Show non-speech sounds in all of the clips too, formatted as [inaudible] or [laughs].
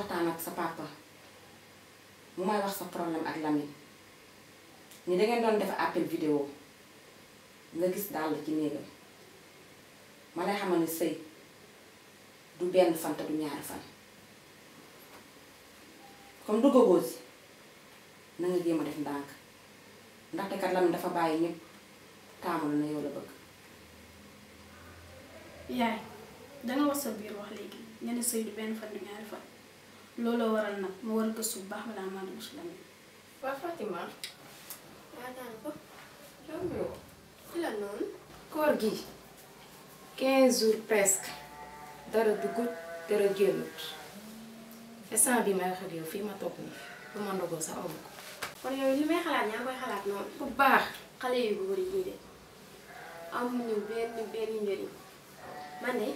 waxtaan ak sa papa mu may wax sa problème ak Lamine ni dangeen doon def appel vidéo nga gis dàll ci néegam ma lay xamal ni sëy du benn fan te du ñaari fan comme duggagoo si na nga def ndànk ndaxte kat Lamine dafa bàyyi ñëpp taamul na yow la bëgg. yaay danga wax sa biir wax léegi nga ne sëy du benn fan du ñaari fan. looloo waral nag ma war a bu baax balaa maa dugg si lan la. waaw Fatima. waaw naan ko. yow ci la noonu. koor gi 15 jours presque dara duggut dara génnut instant bi may wax ak yow ma toog nii bu ndogoo sax amu ko. kon yooyu li may xalaat ñaa koy xalaat noonu. bu baax xale yu góor yi de amuñu benn benn njëriñ man de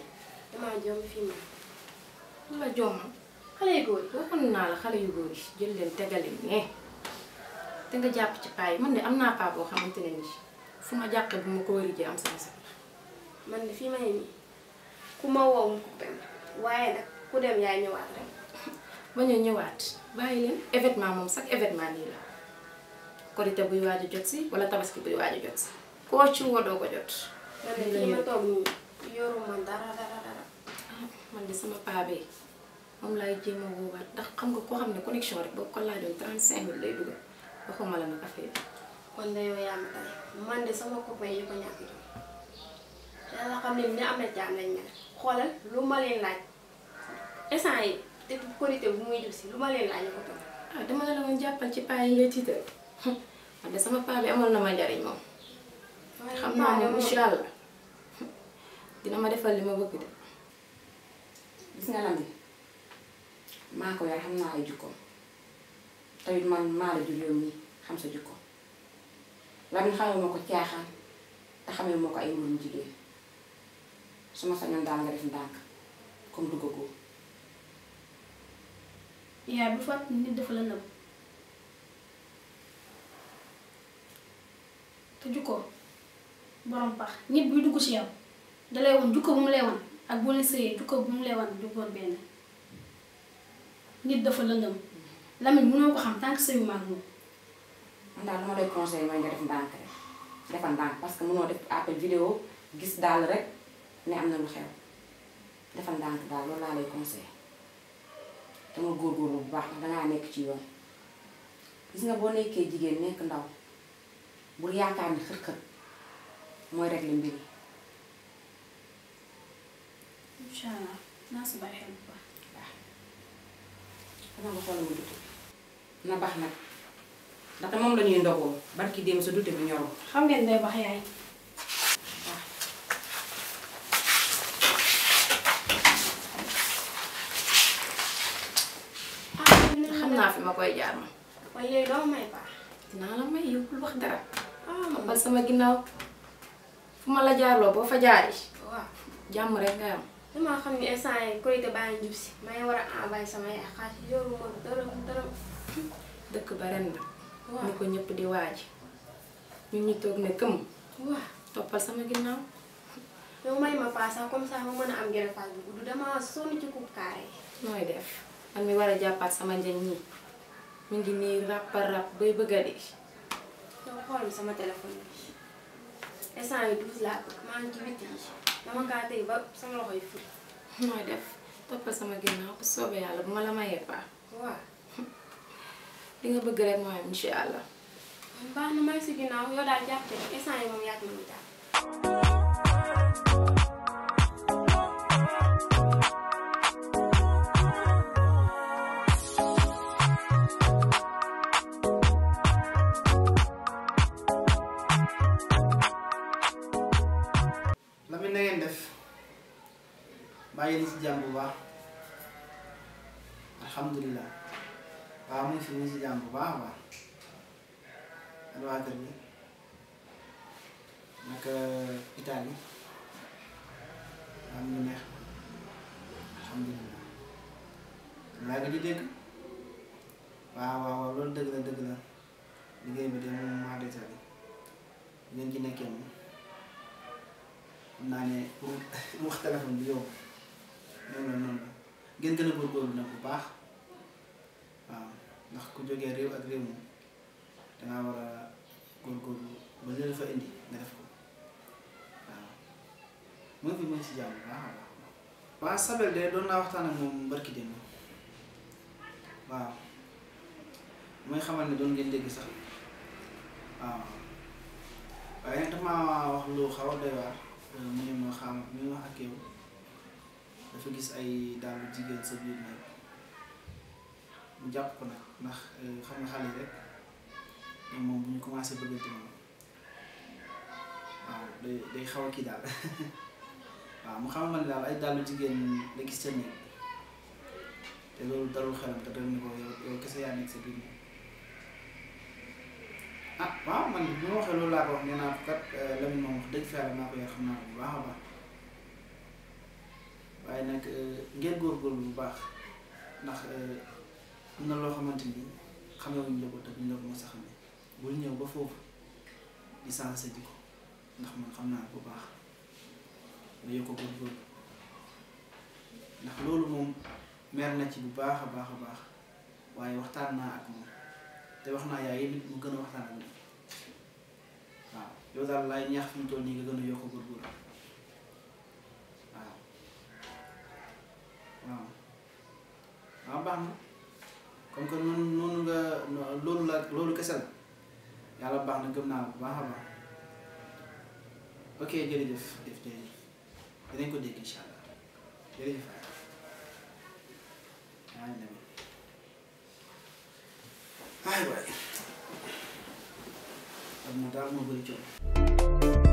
damaa joom fii ma. la joomam. xale yu góor yi waxoon naa la xale yu góor yi jël leen tegale ne te nga jàpp ci paa yi man de am naa paa boo xamante ne nii fu ma jàppee bu ma ko wari ji man de fii ma ne ku ma wow mu ko dem waaye nag ku dem yaay ñëwaat rek. [laughs] bañ ñëwaat bàyyi leen événement moom sax événement nii la korite buy jot si wala tabaski buy waaj a jot si koo ci woo ko jot. man de fii ah, paa bee. moom laay jéem a woowaat ndax xam nga koo xam ne connexion rek boo ko laajoon 35000 lay dugal waxuma la nag affaire kon de yow yaa ma man de sama copain yi ko ñàkk jom yàlla am na jaam lañ mel ma laaj instant yi te korité si lu ma leen ah, dama ne la jàppal ci paa yi ngay tiital [laughs] man de sama paa bi amoon na ma njariñ moom xam naa ne incha allah [laughs] dina ma defal li ma bëgg de gis nga lan maa ko yar xam naa ay jikkoom tamit man maa la jur yow mii xam sa jikkoom Lamine xamee ma ko caaxaan te xamee ma ko ay mbirum jigéen su ma sañoon daal nga def ndànk comme duggagoo. yaay bu fàttali nit dafa la nëb te jukko borom pax nit buy dugg ci yow da lay woon bu mu lay woon ak bu la sëyee jukko bu mu lay woon du benn. nit dafa lëndëm Lamine mënoo ko xam tant que sëyu moom. man daal lu ma doon conseillé mooy nga def ndànk defal ndànk parce que mënoo def appel vidéo gis daal rek ne am na lu xew defal ndànk daal loolu laa lay conseillé dama góorgóorlu bu baax dangaa nekk ci yoon gis nga boo nekkee jigéen nekk ndaw bul yaakaar ni xër-xër mooy régler mbir yi. incha naa si bàyyi xel bu baax. dama ko xool mu dute na baax nag ndaxte moom la ñuy ndogoo barki démb sa dute bi ñoroo xam ngeen ah. naa fi ma koy jaar ma waaye yooyu doo may baax dinaa la may yóbbul wax dara ah, ba sama ginnaaw fu ma la jaarloo boo fa jaari waaw jàmm rek nga am damaa xam ni instant yi korité baa ngi jub si may war a envoyé sama yaay xaalis yoru ma dërëm dërëm dëkk ba ren na ni ko ñëpp di waaj ñun ñu toog ne këm waaw toppal sama ginnaaw yow may ma paasa comme ça ma mën a am gerefaas bu gudd damaa sonn ci kub kaare mooy def man mi war a jàppal sama njëñ ñi mu ngi nii ràppa ràpp bay bëgga dee yow xool sama téléphone bi instant yi douze laa maa ngi ci witt yi dama kaa tey ba sama loxo yi fut mooy def topp sama ginnaaw bu soobee yàlla bu ma la mayee paa waaw li nga bëgg rek mooy am incha allah baax na may si ginnaaw yow daal jàpp te instant yi moom yàgg nañu daal bàyyi na ci jàmm bu baax alhamdulilah waaw mu ngi fi mu ngi ci jàmm bu baax a baax ak waa kër gi naka Italie am alhamdulilah laa di dégg waaw waaw waaw loolu dëgg la dëgg la liggéey bi de moom maa desali ngeen ci nekkee moom xam naa [laughs] bi loolu la noonu la ngeen gën a góorgóorlu nag bu baax waaw ndax ku jógee réew ak réew moom dangaa war a góorgóorlu ba li la indi nga def ko waaw mooy fi mooy si jàmm bu baax a baax Sabel de doon naa waxtaan ak moom barki démb waaw mooy xamal ne doon ngeen dégg sax waaw waaye nag damaa wax lu xaw a doy waar mu ne ma xam mu wax ak yow dafa gis ay daalu jigéen sa biir nag mu jàpp ko nag ndax euh, xam nga xale yi rek ñoom moom bu ñu commencé bëggante waaw day day xaw kii daal [laughs] waaw mu xamal ne daal ay daalu jigéen la gis ca néeg te loolu dalul xelam te dal ni ko yow kese yaa nekk sa biir moom ah waaw man bi ma waxee loolu laa ko wax nee naa ko kat euh, Lamine moom wax dëgg maa ko yar a baax waaye nag euh, ngeen góorgóorlu bu baax ndax euh, am na loo xamante ni xamee wuñ la ko te buñ la ko mos bul ñëw ba foofu di sànq sa jikko ndax man xam naa bu baax nga yokk ko góorgóorlu ndax loolu moom mer na ci bu baax a baax a baax waaye waxtaan naa ak moom te wax naa yaay nit mu gën a waxtaan ak moom waaw yow daal laay ñaax fi mu toll nii nga gën a yokk góorgóorlu waaw waaw baax na comme que noonu noonu nga loolu la loolu kese la yàlla baax na gëm naa bu baax a baax ok jërëjëf def jërëjëf dinañ ko dégg incha allah jërëjëf ay waay am na daal moo bëri coono